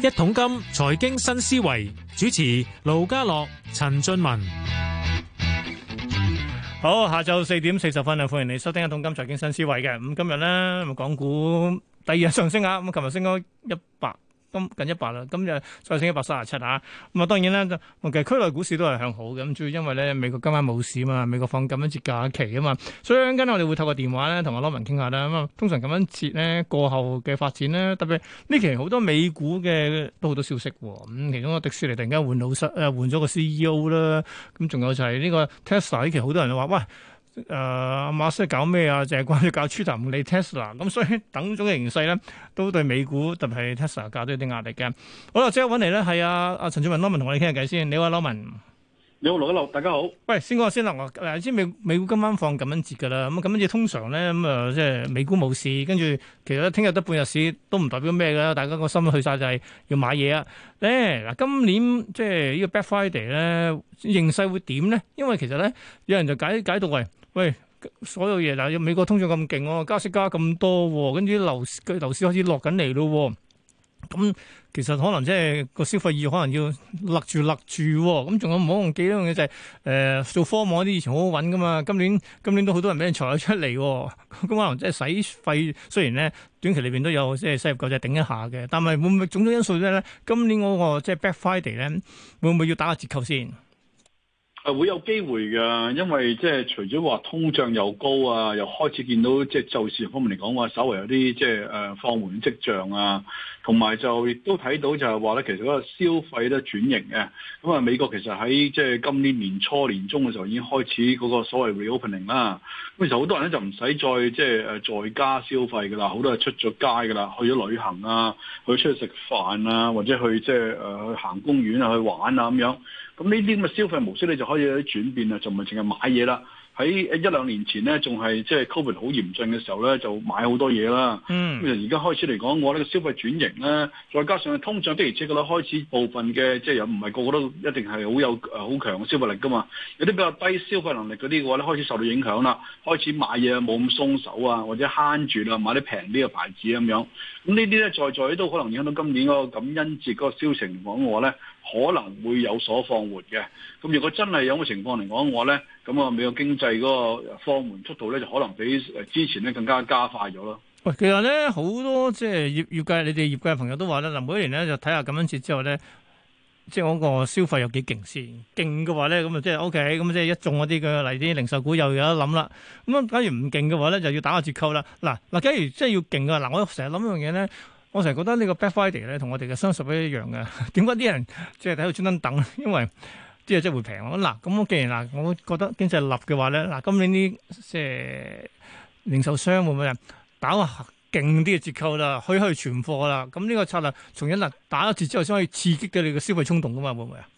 一桶金財經新思維，主持盧家樂、陳俊文，好，下晝四點四十分啊，歡迎你收聽一桶金財經新思維嘅咁，今日呢，港股第二日上升啊，咁，琴日升開一百。近近一百啦，今日再升一百三十七嚇。咁啊，當然咧，其實區內股市都係向好嘅。主要因為咧，美國今晚冇市啊嘛，美國放感恩節假期啊嘛，所以一陣間我哋會透過電話咧，同阿羅文傾下啦。咁啊，通常感恩節咧，過後嘅發展咧，特別呢期好多美股嘅都好多消息喎。咁、嗯、其中個迪士尼突然間換老細啊，換咗個 CEO 啦。咁仲有就係呢個 Tesla 呢期好多人話喂。誒，阿、呃、馬斯搞咩啊？淨係關於搞 Twitter 唔理 Tesla。咁所以等種嘅形勢咧，都對美股特別係 Tesla 價都有啲壓力嘅。好啦，即刻揾嚟咧，係阿阿陳俊文 Norman 同我哋傾下偈先。你好，Norman 你好，Norman，大家好。喂，先講下先啦。我知美美股今晚放感恩節噶啦。咁感恩節通常咧，咁、呃、啊即係美股冇事。跟住其實咧，聽日得半日市都唔代表咩㗎。大家個心都去晒，就係、是、要買嘢啊。咧嗱，今年即係呢個 Black Friday 咧，形勢會點咧？因為其實咧，有人就解解讀為。喂，所有嘢嗱，有美國通脹咁勁喎，加息加咁多，跟住啲樓市開始落緊嚟咯。咁其實可能即係個消費意義可能要勒住勒住。咁仲有唔好忘記一樣嘢就係、是、誒、呃、做科網啲，以前好好搵噶嘛。今年今年都好多人俾人裁咗出嚟，咁 可能即係使費。雖然咧短期裏邊都有即係失業救濟，即係頂一下嘅。但係會唔會種種因素咧？今年我話即係 Black Friday 咧，會唔會要打個折扣先？誒，會有機會嘅，因為即係除咗話通脹又高啊，又開始見到即係就業方面嚟講，話稍微有啲即係誒放緩跡象啊。同埋就亦都睇到就係話咧，其實嗰個消費咧轉型嘅。咁啊，美國其實喺即係今年年初、年中嘅時候已經開始嗰個所謂 reopening 啦。咁其實好多人咧就唔使再即係誒在家消費噶啦，好多人出咗街噶啦，去咗旅行啊，去出去食飯啊，或者去即係誒去行公園啊、去玩啊咁樣。咁呢啲咁嘅消費模式咧就可以有啲轉變啊，就唔係淨係買嘢啦。喺一兩年前咧，仲係即係 COVID 好嚴峻嘅時候咧，就買好多嘢啦。咁而家開始嚟講，我呢、這個消費轉型咧，再加上通脹的而且確咧，開始部分嘅即係又唔係個個都一定係好有誒好強嘅消費力噶嘛。有啲比較低消費能力嗰啲嘅話咧，開始受到影響啦，開始買嘢冇咁鬆手啊，或者慳住啦，買啲平啲嘅牌子咁樣。咁呢啲咧，在在都可能影響到今年嗰個感恩節嗰個銷情況嘅話咧。可能會有所放緩嘅，咁如果真係有咁嘅情況嚟講嘅話咧，咁啊美國經濟嗰個放緩速度咧，就可能比誒之前咧更加加快咗咯。喂，其實咧好多即係業業界，你哋業界朋友都話咧，嗱，每一年咧就睇下咁樣子之後咧，即係嗰個消費有幾勁先。勁嘅話咧，咁啊即係 OK，咁即係一中嗰啲嘅，例如啲零售股又有得諗啦。咁啊，假如唔勁嘅話咧，就要打個折扣啦。嗱嗱，假如真係要勁嘅嗱，我成日諗一樣嘢咧。我成日覺得呢個 Black Friday 咧，同我哋嘅雙十一樣嘅。點解啲人即係喺度專登等 因為啲嘢真係會平啊！嗱，咁我既然嗱，我覺得經濟立嘅話咧，嗱，今年啲即係零售商會唔會打勁啲嘅折扣啦，去去存貨啦？咁呢個策略，從一立打咗折之後，先可以刺激到你嘅消費衝動噶嘛？會唔會啊？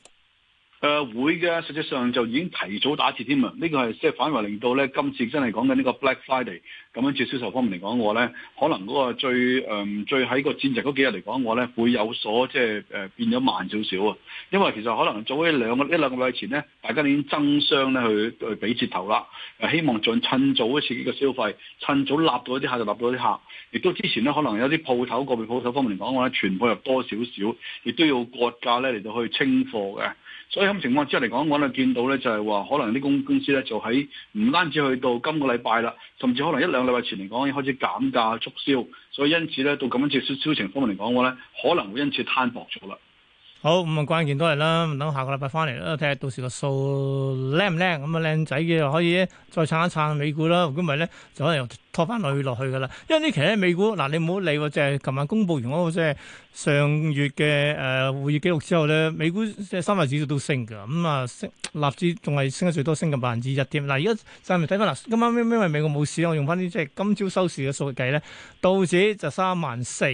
誒、呃，會嘅，實際上就已經提早打折添啊！呢個係即係反為令到咧，今次真係講緊呢個 Black Friday。咁樣接銷售方面嚟講，我咧可能嗰個最誒、嗯、最喺個戰術嗰幾日嚟講，我咧會有所即係誒變咗慢少少啊。因為其實可能早一兩個一兩個禮前咧，大家已經爭相咧去去俾折頭啦，希望盡趁早一次嘅消費，趁早立到一啲客就立到啲客。亦都之前咧，可能有啲鋪頭個別鋪頭方面嚟講，我咧全部入多少少，亦都要割價咧嚟到去清貨嘅。所以咁情況之下嚟講，我咧見到咧就係話，可能啲公公司咧就喺唔單止去到今個禮拜啦，甚至可能一兩。你話前年講要開始減價促銷，所以因此咧到咁樣嘅銷銷情方面嚟講嘅話咧，可能會因此攤薄咗啦。好咁啊、嗯！關鍵都係啦，唔等下個禮拜翻嚟啦，睇下到時個數靚唔靚。咁、嗯、啊，靚仔嘅可以再撐一撐美股啦。如果唔係咧，就可能又拖翻落去落去噶啦。因為期呢期咧，美股嗱、啊，你唔好理喎，即係琴晚公布完嗰個即係上月嘅誒會議記錄之後咧，美股即係三大指數都升嘅咁、嗯、啊，升納指仲係升得最多，升近百分之一添。嗱，而家就嚟睇翻啦，今晚因為美國冇市，我用翻啲即係今朝收市嘅數嚟計咧，道指就三萬四，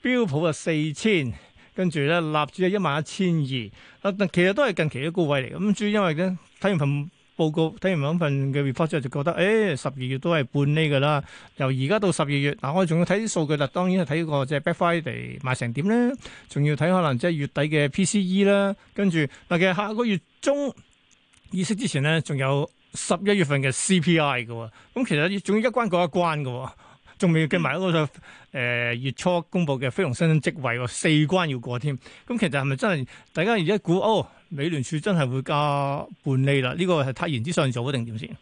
標普就四千。跟住咧，納指係一萬一千二，啊，其實都係近期嘅高位嚟嘅。咁主要因為咧，睇完份報告，睇完份嘅 report 之後，就覺得，誒、哎，十二月都係半厘嘅啦。由而家到十二月，嗱、啊，我仲要睇啲數據啦。當然係睇個即係 Black Friday 地賣成點咧，仲要睇可能即係月底嘅 PCE 啦。跟住，嗱，其實下個月中議息之前咧，仲有十一月份嘅 CPI 嘅喎。咁、啊、其實仲要一關過一關嘅喎。仲未計埋嗰個誒月初公佈嘅非農新升職位，四關要過添。咁其實係咪真係大家而家估哦，美聯儲真係會加半厘啦？呢個係太言之上做定點先？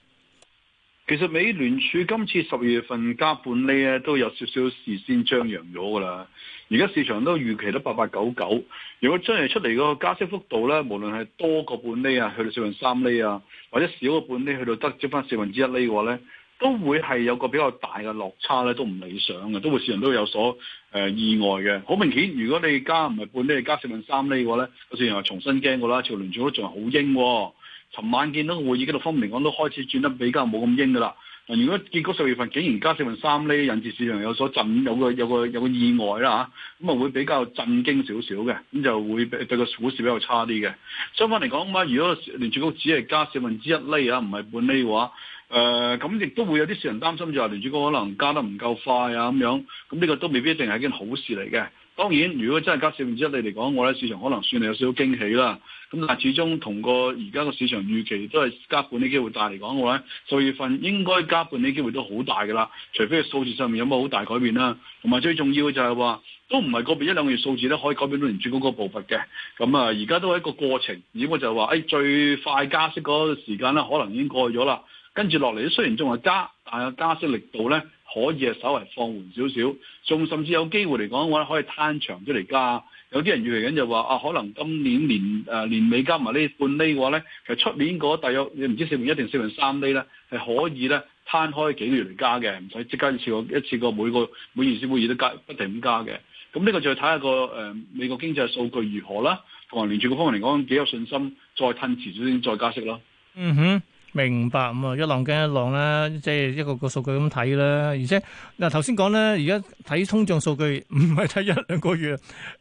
其實美聯儲今次十二月份加半厘啊，都有少少事先張揚咗噶啦。而家市場都預期都八八九九。如果真係出嚟個加息幅度咧，無論係多個半厘啊，去到四分三厘啊，或者少個半厘去到得只翻四分之一厘嘅話咧，都會係有個比較大嘅落差咧，都唔理想嘅，都會市場都有所誒、呃、意外嘅。好明顯，如果你加唔係半厘，加四分三厘嘅話咧，個市場又重新驚過啦。朝聯儲局仲係好鷹、哦。尋晚見到會議，嗰度方面嚟講都開始轉得比較冇咁鷹噶啦。嗱，如果結果十月份竟然加四分三厘，引致市場有所震，有個有個有個，有個意外啦嚇。咁啊會比較震驚少少嘅，咁就會對個股市比較差啲嘅。相反嚟講，啊，如果聯儲局只係加四分之一厘，啊，唔係半厘嘅話。誒咁亦都會有啲市人擔心，就話聯儲局可能加得唔夠快啊咁樣。咁呢個都未必一定係一件好事嚟嘅。當然，如果真係加四分之一，你嚟講，我咧市場可能算係有少少驚喜啦。咁但係始終同個而家個市場預期都係加半啲機會大嚟講，我咧四月份應該加半啲機會都好大㗎啦。除非數字上面有冇好大改變啦，同埋最重要嘅就係話都唔係個別一兩個月數字咧可以改變到聯儲局個步伐嘅。咁啊，而家都係一個過程。如果就係話誒最快加息嗰個時間咧，可能已經過咗啦。跟住落嚟，雖然仲係加，但係加息力度咧可以係稍微放緩少少，仲甚至有機會嚟講嘅話，可以攤長出嚟加。有啲人預期緊就話啊，可能今年年誒年尾加埋呢半厘嘅話咧，其實出年嗰個大約，你唔知四分一定四分三厘咧，係可以咧攤開幾個月嚟加嘅，唔使即刻一次過一次過每個每月先每月都加，不停咁加嘅。咁呢個就睇下個誒美國經濟數據如何啦。同埋連住個方面嚟講，幾有信心再褪遲少先再加息咯。嗯哼。明白啊，一浪驚一浪啦，即係一個個數據咁睇啦。而且嗱頭先講咧，而家睇通脹數據唔係睇一兩個月，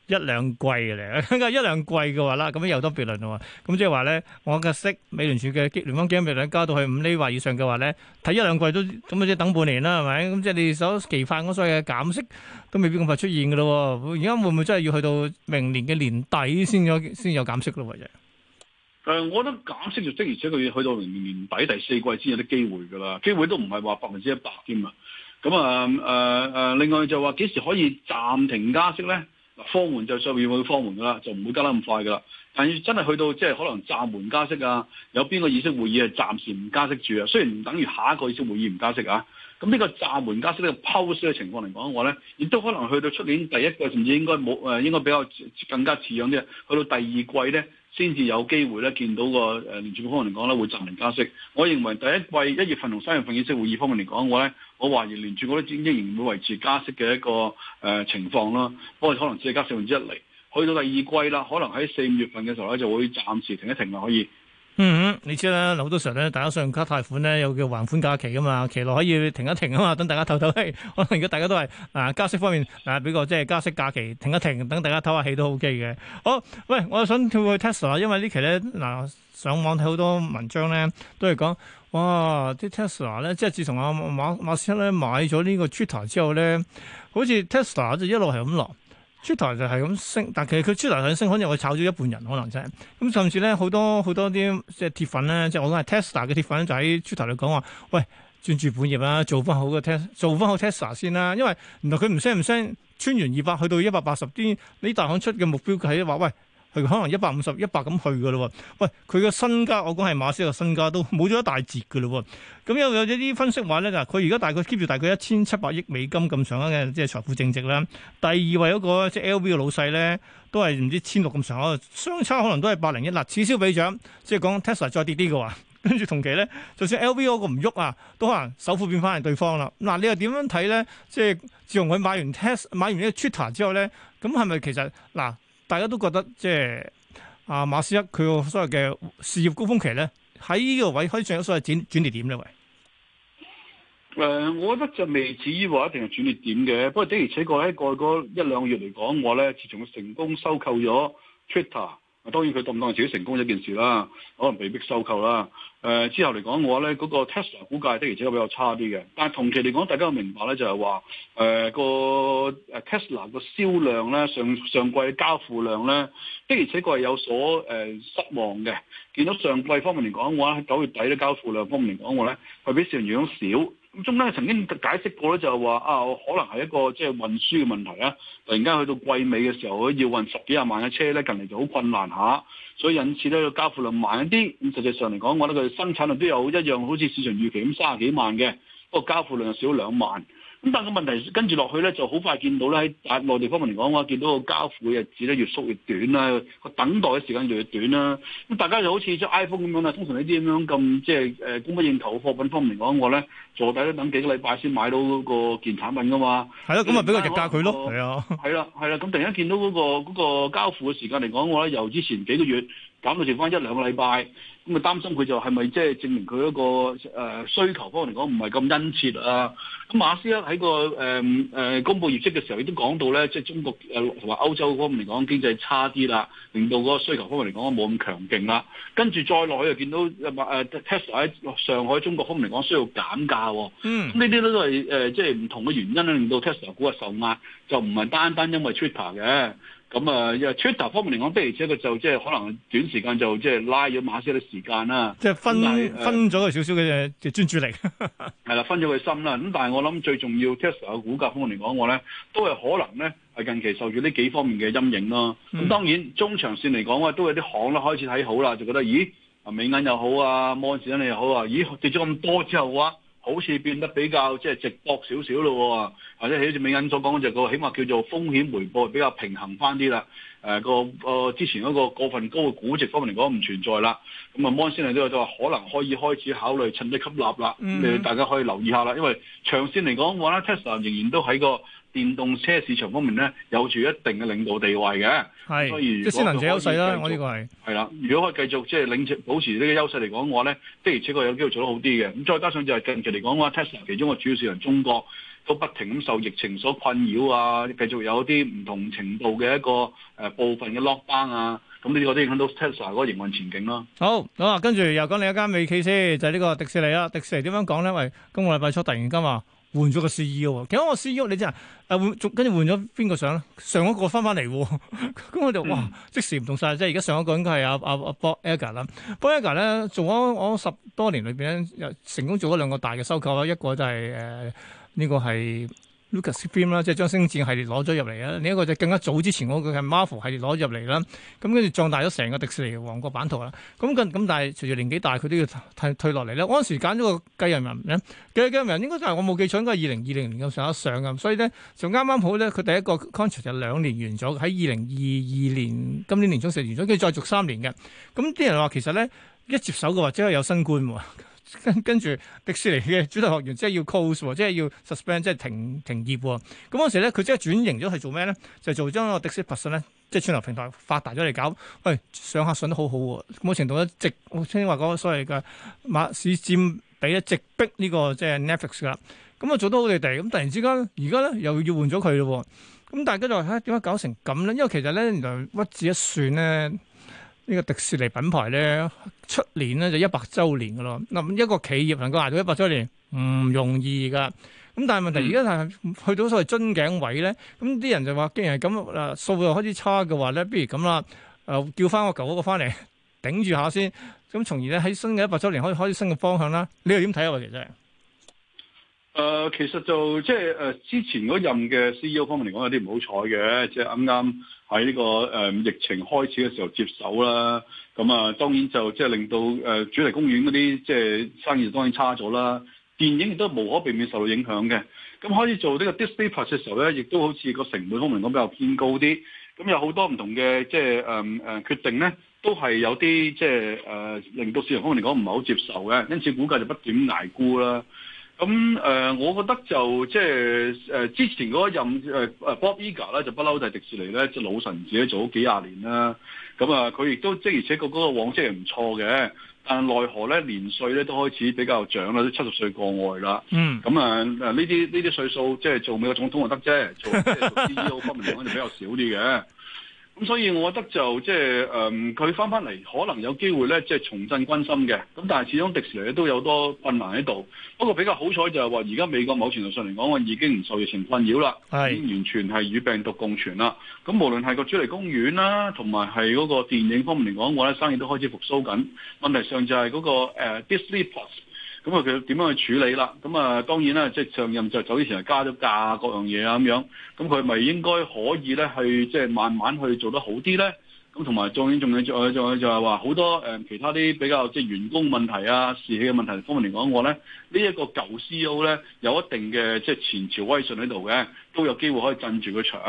一兩季嚟。咁 一兩季嘅話啦，咁又多別論啦。咁即係話咧，我嘅息美聯儲嘅聯邦基金利率加到去五厘或以上嘅話咧，睇一兩季都咁啊，即係等半年啦，係咪？咁即係你所期發所謂嘅減息都未必咁快出現嘅咯。而家會唔會真係要去到明年嘅年底先有先有減息咯？或者……誒、呃，我覺得減息就即，而且佢要去到明年年底第四季先有啲機會噶啦，機會都唔係話百分之一百添嘛。咁、嗯、啊，誒、呃、誒、呃，另外就話、是、幾時可以暫停加息咧？放緩就上面會，會放緩噶啦，就唔會加得咁快噶啦。但係真係去到即係可能暫緩加息啊，有邊個議息會議係暫時唔加息住啊？雖然唔等於下一個議息會議唔加息啊。咁、啊、呢個暫緩加息咧，post 嘅情況嚟講嘅話呢，我咧亦都可能去到出年第一季，甚至應該冇誒、呃，應該比較更加似樣啲。去到第二季咧。先至有機會咧，見到個誒聯儲局方面嚟講咧，會暫停加息。我認為第一季一月份同三月份議息會議方面嚟講，我咧我懷疑聯儲局咧仍然會維持加息嘅一個誒、呃、情況咯。不過可能只係加四分之一釐，去到第二季啦，可能喺四五月份嘅時候咧，就會暫時停一停啦，可以。嗯，嗯，你知啦，好多時候咧，大家信用卡貸款咧有叫還款假期噶嘛，期內可以停一停啊嘛，等大家唞唞氣。可能如果大家都係啊加息方面啊俾個即係加息假期停一停，等大家唞下氣都 OK 嘅。好，喂，我又想跳去 Tesla，因為期呢期咧嗱上網睇好多文章咧都係講，哇啲 Tesla 咧即係自從阿馬馬斯克咧買咗呢個 Twitter 之後咧，好似 Tesla 就一路係咁落。出 tweet 就係咁升，但其實佢出 tweet 響升可會，可能我炒咗一半人可能真係。咁甚至咧，好多好多啲即係鐵粉咧，即係我講係 Tesla 嘅鐵粉，就喺出 tweet 嚟講話，喂，專注本業啦，做翻好嘅 Tesla，做翻好 Tesla 先啦。因為原來佢唔升唔升，穿完二百去到一百八十啲，呢大行出嘅目標係話喂。佢可能一百五十一百咁去噶咯喎，喂，佢嘅身家我講係馬斯嘅身家都冇咗一大截噶咯喎，咁又有一啲分析話咧就佢而家大概 keep 住大概一千七百億美金咁上嘅即係財富正值啦。第二位嗰、那個即係、就是、L V 嘅老細咧都係唔知千六咁上，相差可能都係八零一嗱此消彼長，即係講 Tesla 再跌啲嘅話，跟 住同期咧就算 L V 嗰個唔喐啊，都可能首富變翻係對方啦嗱、呃，你又點樣睇咧？即係自從佢買完 Tesla 買完呢個 Twitter 之後咧，咁係咪其實嗱？呃大家都覺得即係啊馬斯克佢個所謂嘅事業高峰期咧，喺呢個位可以上有所謂轉轉捩點呢位誒、呃，我覺得就未至於話一定係轉捩點嘅。不過的而且確喺過去嗰一兩個月嚟講，我咧自從佢成功收購咗 Twitter，當然佢當唔當自己成功一件事啦，可能被逼迫收購啦。誒、呃、之後嚟講嘅話咧，嗰、那個 Tesla 估計的而且確比較差啲嘅。但係同期嚟講，大家明白咧就係話，誒、呃那個誒 Tesla 個銷量咧，上上季交付量咧的而且確係有所誒、呃、失望嘅。見到上季方面嚟講嘅話，喺九月底咧交付量方面嚟講嘅話咧，係比上年少。咁中間曾經解釋過咧，就係話啊，可能係一個即係運輸嘅問題啦。突然間去到季尾嘅時候，要運十幾廿萬嘅車咧，近嚟就好困難下，所以引致咧個交付量慢一啲。咁實際上嚟講，我覺得佢。生產量都有一樣，好似市場預期咁三十幾萬嘅，個交付量就少咗兩萬。咁但係個問題跟住落去咧，就好快見到咧喺內地方面嚟講，我見到個交付嘅日子咧越縮越短啦，個等待嘅時間就越短啦。咁大家就好似將 iPhone 咁樣啦，通常呢啲咁樣咁即係誒供不應求。貨品方面嚟講，我咧坐底咧等幾個禮拜先買到個件產品噶嘛。係咯的，咁咪畀個價佢咯。係啊，係啦，係啦。咁突然間見到嗰、嗰個嗰個交付嘅時間嚟講，我咧由之前幾個月，減到剩翻一兩個禮拜，咁啊擔心佢就係咪即係證明佢嗰個需求方面嚟講唔係咁殷切啊？咁馬斯克喺個誒誒、呃呃、公佈業績嘅時候，亦都講到咧，即係中國誒同埋歐洲方面嚟講經濟差啲啦，令到嗰個需求方面嚟講冇咁強勁啦。跟住再落去又見到誒誒 Tesla 喺上海中國方面嚟講需要減價，啊，嗯，呢啲都都係誒即係唔同嘅原因咧，令到 Tesla 股啊受壓，就唔係單單因為 Twitter 嘅。咁啊，Twitter 方面嚟講，不如且佢就即係可能短時間就即係拉咗馬斯啲時間啦，即係分是分咗佢少少嘅專注力，係 啦，分咗佢心啦。咁但係我諗最重要 Tesla 嘅股價方面嚟講，我咧都係可能咧係近期受住呢幾方面嘅陰影咯。咁、嗯、當然中長線嚟講嘅，都有啲行咧開始睇好啦，就覺得咦，美銀又好啊，摩根士丹利又好啊，咦跌咗咁多之後嘅話。好似變得比較即係值博少少咯喎，或者好似美銀所講就個、是、起碼叫做風險回報比較平衡翻啲啦。誒個個之前嗰個過份高嘅估值方面嚟講唔存在啦。咁啊 Mon 先生就話可能可以開始考慮趁低吸納啦。你大家可以留意下啦，因為長線嚟講，我覺得 Tesla 仍然都喺個。電動車市場方面咧，有住一定嘅領導地位嘅，係是，即係先行者優勢啦，我呢個係係啦，如果可以繼續即係、就是、領持保持優勢呢個優勢嚟講嘅話咧，的而且確有機會做得好啲嘅。咁再加上就係近期嚟講嘅話，Tesla 其中個主要市場中國都不停咁受疫情所困擾啊，繼續有啲唔同程度嘅一個誒、呃、部分嘅 lockdown 啊，咁呢個都影響到 Tesla 嗰個營運前景咯。好好啦，跟住又講另一間美企先，就係、是、呢個迪士尼啦。迪士尼點樣講咧？喂，今個禮拜初突然間話。換咗個 CEO，其、哦、實我 CEO 你知啊，誒換，跟住換咗邊個相？咧？上一個翻翻嚟，咁我就哇，即時唔同晒。即係而家上一個應該係阿阿阿 Bob Iger 啦 Bob Iger 咧做咗我十多年裏邊咧，又成功做咗兩個大嘅收購啦，一個就係誒呢個係、就是。呃 Lucasfilm 啦，Lucas Dream，即係將《星戰》系列攞咗入嚟啦。另一個就更加早之前嗰個係 Marvel 系列攞入嚟啦。咁跟住壯大咗成個迪士尼嘅王國版圖啦。咁咁，但係隨住年紀大，佢都要退退落嚟咧。我嗰陣時揀咗個《繼任人》咧，《繼任人》應該就係、是、我冇記錯，應該係二零二零年咁上下噶。所以咧，就啱啱好咧，佢第一個 contract 就兩年完咗，喺二零二二年今年年中四完咗，跟住再續三年嘅。咁啲人話其實咧，一接手嘅話，即係有新冠跟跟住迪士尼嘅主題樂園，即係要 close，即係要 suspend，即係停停業。咁嗰陣時咧，佢即係轉型咗，係做咩咧？就是、做將個迪士尼 Plus 咧，即、就、係、是、串流平台發達咗嚟搞，喂、哎，上客數都好好、哦、喎。咁程度一直我聽話講所謂嘅馬市佔比一直逼呢個即係 Netflix 啦。咁、嗯、啊做得好地地，咁突然之間呢，而家咧又要換咗佢咯。咁大家就話嚇點解搞成咁咧？因為其實咧，原來屈指一算咧。呢個迪士尼品牌咧，出年咧就一百週年噶咯。嗱，一個企業能夠捱到一百週年唔、嗯、容易噶。咁但係問題而家係去到所謂樽頸位咧，咁啲人就話既然係咁，誒數又開始差嘅話咧，不如咁啦，誒、呃、叫翻個舊嗰個翻嚟頂住下先。咁從而咧喺新嘅一百週年可以開始新嘅方向啦。你又點睇啊？其實？誒、呃，其實就即係誒，之前嗰任嘅 C E O 方面嚟講有啲唔好彩嘅，即係啱啱喺呢個誒、呃、疫情開始嘅時候接手啦，咁啊，當然就即係令到誒主題公園嗰啲即係生意當然差咗啦，電影亦都無可避免受到影響嘅，咁、啊、開始做呢個 Disney Plus 嘅時候咧，亦都好似個成本方面講比較偏高啲，咁、嗯、有好多唔同嘅即係誒誒決定咧，都係有啲即係誒令到市場方面嚟講唔係好接受嘅，因此股價就不斷挨沽啦。咁誒、嗯，我覺得就即係誒之前嗰任誒誒、啊、Bob Iger 咧，就不嬲就係迪士尼咧、啊，即老臣自己做咗幾廿年啦。咁啊，佢亦都即而且佢嗰個往績係唔錯嘅，但奈何咧年歲咧都開始比較長啦，都七十歲過外啦、嗯嗯。嗯，咁啊，嗱呢啲呢啲歲數即係做美國總統就得啫，做 CEO 方面講就比較少啲嘅。咁所以，我覺得就即係誒，佢翻翻嚟可能有機會咧，即係重振軍心嘅。咁但係，始終迪士尼都有多困難喺度。不過比較好彩就係話，而家美國某程度上嚟講，我已經唔受疫情困擾啦，已經完全係與病毒共存啦。咁無論係個主題公園啦，同埋係嗰個電影方面嚟講，我咧生意都開始復甦緊。問題上就係嗰個 Disney Plus。咁啊，佢點樣去處理啦？咁啊，當然啦，即係上任就走之前加咗價，各樣嘢啊咁樣。咁佢咪應該可以咧，去即係慢慢去做得好啲咧。咁同埋，當然仲有仲有仲有有有就係話好多誒其他啲比較即係員工問題啊、士氣嘅問題方面嚟講，我咧呢一個舊 CEO 咧有一定嘅即係前朝威信喺度嘅，都有機會可以鎮住個場。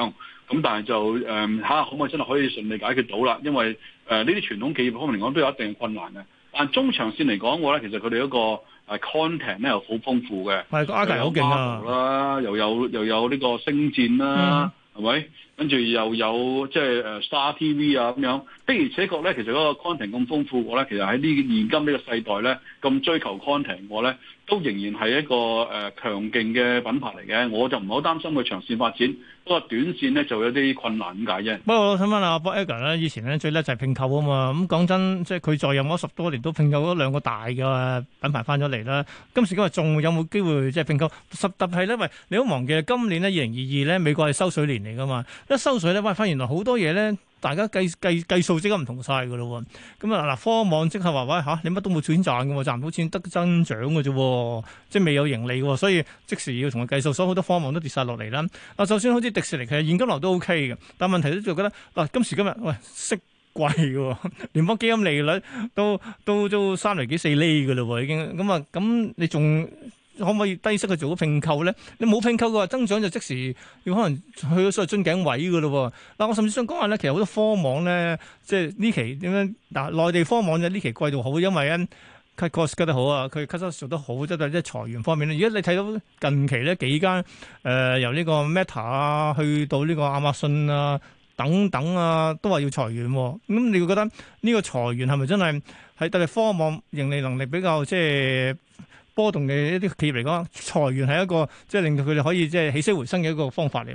咁但係就誒嚇、嗯啊，可唔可以真係可以順利解決到啦？因為誒呢啲傳統企業方面嚟講，都有一定嘅困難嘅。但中長線嚟講，我咧其實佢哋一個。係 content 咧的又好豐富嘅，係個阿傑好勁啊！又有又有呢個星戰啦，係咪、嗯？跟住又有即係誒 Star TV 啊咁樣的，的而且確咧，其實嗰個 content 咁豐富，我咧其實喺呢現今呢個世代咧，咁追求 content 我咧，都仍然係一個誒強勁嘅品牌嚟嘅。我就唔好擔心佢長線發展，不過短線咧就有啲困難咁解嘅。不過我想問阿 Bob Iger 咧，Iger，以前咧最叻就係併購啊嘛。咁講真，即係佢在任嗰十多年都併購咗兩個大嘅品牌翻咗嚟啦。今時今日仲有冇機會即係併購？實特別係咧，喂，你好忘記今年咧二零二二咧，美國係收水年嚟㗎嘛。一收水咧，喂，發現原來好多嘢咧，大家計計計數即刻唔同晒噶咯喎，咁啊嗱，科網即刻話喂嚇，你乜都冇錢賺嘅喎，賺唔到錢得增長嘅啫，即係未有盈利嘅，所以即時要同佢計數，所以好多科網都跌晒落嚟啦。啊，就算好似迪士尼其實現金流都 OK 嘅，但問題都就覺得：「嗱，今時今日喂息貴嘅，聯邦 基金利率都都都三厘幾四厘嘅嘞喎，已經咁啊，咁、嗯、你仲？可唔可以低息去做個拼購咧？你冇拼購嘅話，增長就即時要可能去咗所謂樽頸位嘅咯、哦。嗱、啊，我甚至想講下咧，其實好多科網咧，即係呢期點樣？嗱、啊，內地科網就呢期季度好，因為因 cut cost cut 得好啊，佢 cut cost 做得好，即係即係裁員方面咧。如果你睇到近期呢幾間誒、呃、由呢個 Meta 啊，去到呢個亞馬遜啊等等啊，都話要裁員、哦，咁你會覺得呢個裁員係咪真係係特別科網盈利能力比較即係？波動嘅一啲企業嚟講，裁員係一個即係令到佢哋可以即係起死回生嘅一個方法嚟。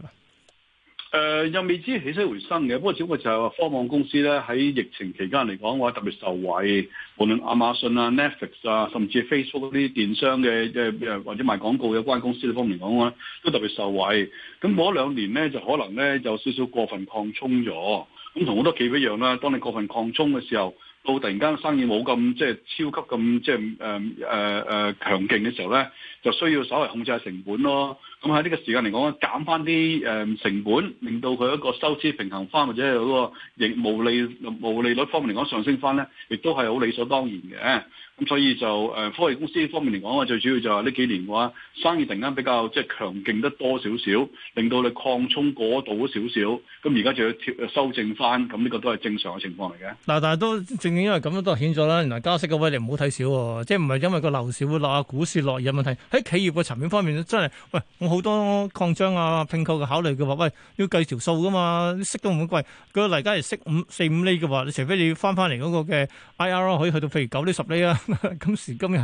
誒、呃、又未知起死回生嘅，不過只不過就係話科網公司咧，喺疫情期間嚟講嘅話，我特別受惠，無論亞馬遜啊、Netflix 啊，甚至 Facebook 嗰啲電商嘅誒或者賣廣告有關公司嘅方面講咧，都特別受惠。咁過一兩年咧，就可能咧有少少過分擴充咗。咁同好多企業一樣啦，當你過分擴充嘅時候，到突然間生意冇咁即係超級咁即係誒誒誒強勁嘅時候咧，就需要稍微控制下成本咯。咁喺呢個時間嚟講，減翻啲誒成本，令到佢一個收支平衡翻，或者係嗰個盈無利無利率方面嚟講上升翻咧，亦都係好理所當然嘅。咁所以就誒科技公司方面嚟講嘅，最主要就係呢幾年嘅話生意突然間比較即係、就是、強勁得多少少，令到你擴充過度少少。咁而家就要修正翻，咁呢個都係正常嘅情況嚟嘅。嗱，但係都正正因為咁都係顯咗啦。原來，加息嘅威力唔好睇少喎，即係唔係因為個樓市會落啊，股市落而有問題，喺企業嘅層面方面真係，喂，我好多擴張啊、拼購嘅考慮嘅話，喂，要計條數噶嘛，息都唔貴，佢嚟家嚟息五四五厘嘅話，你除非你要翻翻嚟嗰個嘅 I R R 可以去到譬如九厘十厘啊。 今時今日，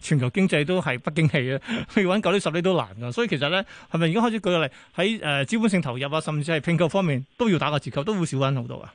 全球經濟都係不景氣啊，要揾九啲十啲都難㗎。所以其實咧，係咪而家開始舉例喺誒資本性投入啊，甚至係併購方面都要打個折扣，都會少揾好多啊。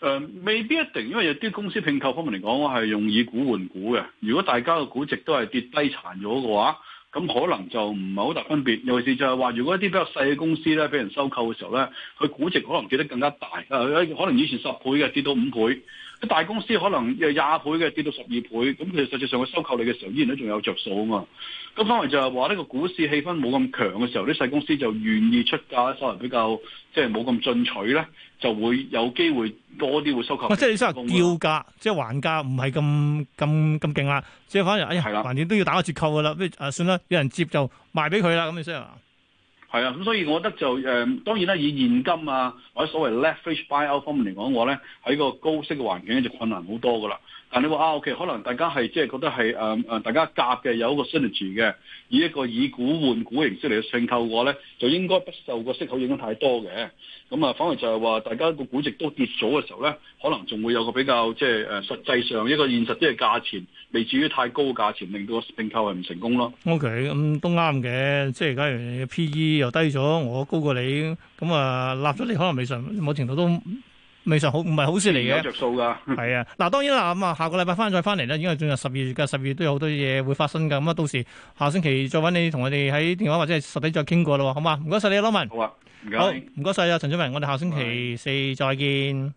誒、呃，未必一定，因為有啲公司併購方面嚟講，我係用以股換股嘅。如果大家個估值都係跌低殘咗嘅話，咁可能就唔係好大分別。尤其是就係話，如果一啲比較細嘅公司咧，俾人收購嘅時候咧，佢估值可能跌得更加大，誒，可能以前十倍嘅跌到五倍，大公司可能廿倍嘅跌到十二倍，咁其實實際上佢收購你嘅時候依然都仲有着數啊嘛。咁反而就係話呢個股市氣氛冇咁強嘅時候，啲細公司就願意出價，稍微比較即係冇咁進取咧，就會有機會多啲會收購啊。即係你先話叫價，即係還價，唔係咁咁咁勁啦。即係反而哎呀，橫掂的都要打個折扣噶啦，不如誒、啊、算啦，有人接就賣俾佢啦，咁你先係啊，咁所以我覺得就誒、呃，當然啦，以現金啊或者所謂 leverage buyout 方面嚟講，我咧喺個高息嘅環境咧就困難好多噶啦。但你話啊，OK，可能大家係即係覺得係誒誒，大家夾嘅有一個 synergy 嘅，以一個以股換股形式嚟去併購嘅話咧，就應該不受個息口影響太多嘅。咁、嗯、啊，反而就係、是、話大家個股值都跌咗嘅時候咧，可能仲會有個比較即係誒實際上一個現實啲嘅價錢，未至於太高嘅價錢令到個併購係唔成功咯。OK，咁、嗯、都啱嘅。即係假如你嘅 PE 又低咗，我高過你，咁啊，立咗你可能未上某程度都。未常好，唔係好事嚟嘅。着數噶，係 啊。嗱，當然啦，咁啊，下個禮拜翻再翻嚟咧，因為進入十二月嘅，十二月都有好多嘢會發生噶。咁啊，到時下星期再揾你同我哋喺電話或者係實體再傾過咯，好嘛？唔該晒你，啊羅文。好啊，唔該。好，唔該晒啊，陳俊文，我哋下星期四 Bye. 再見。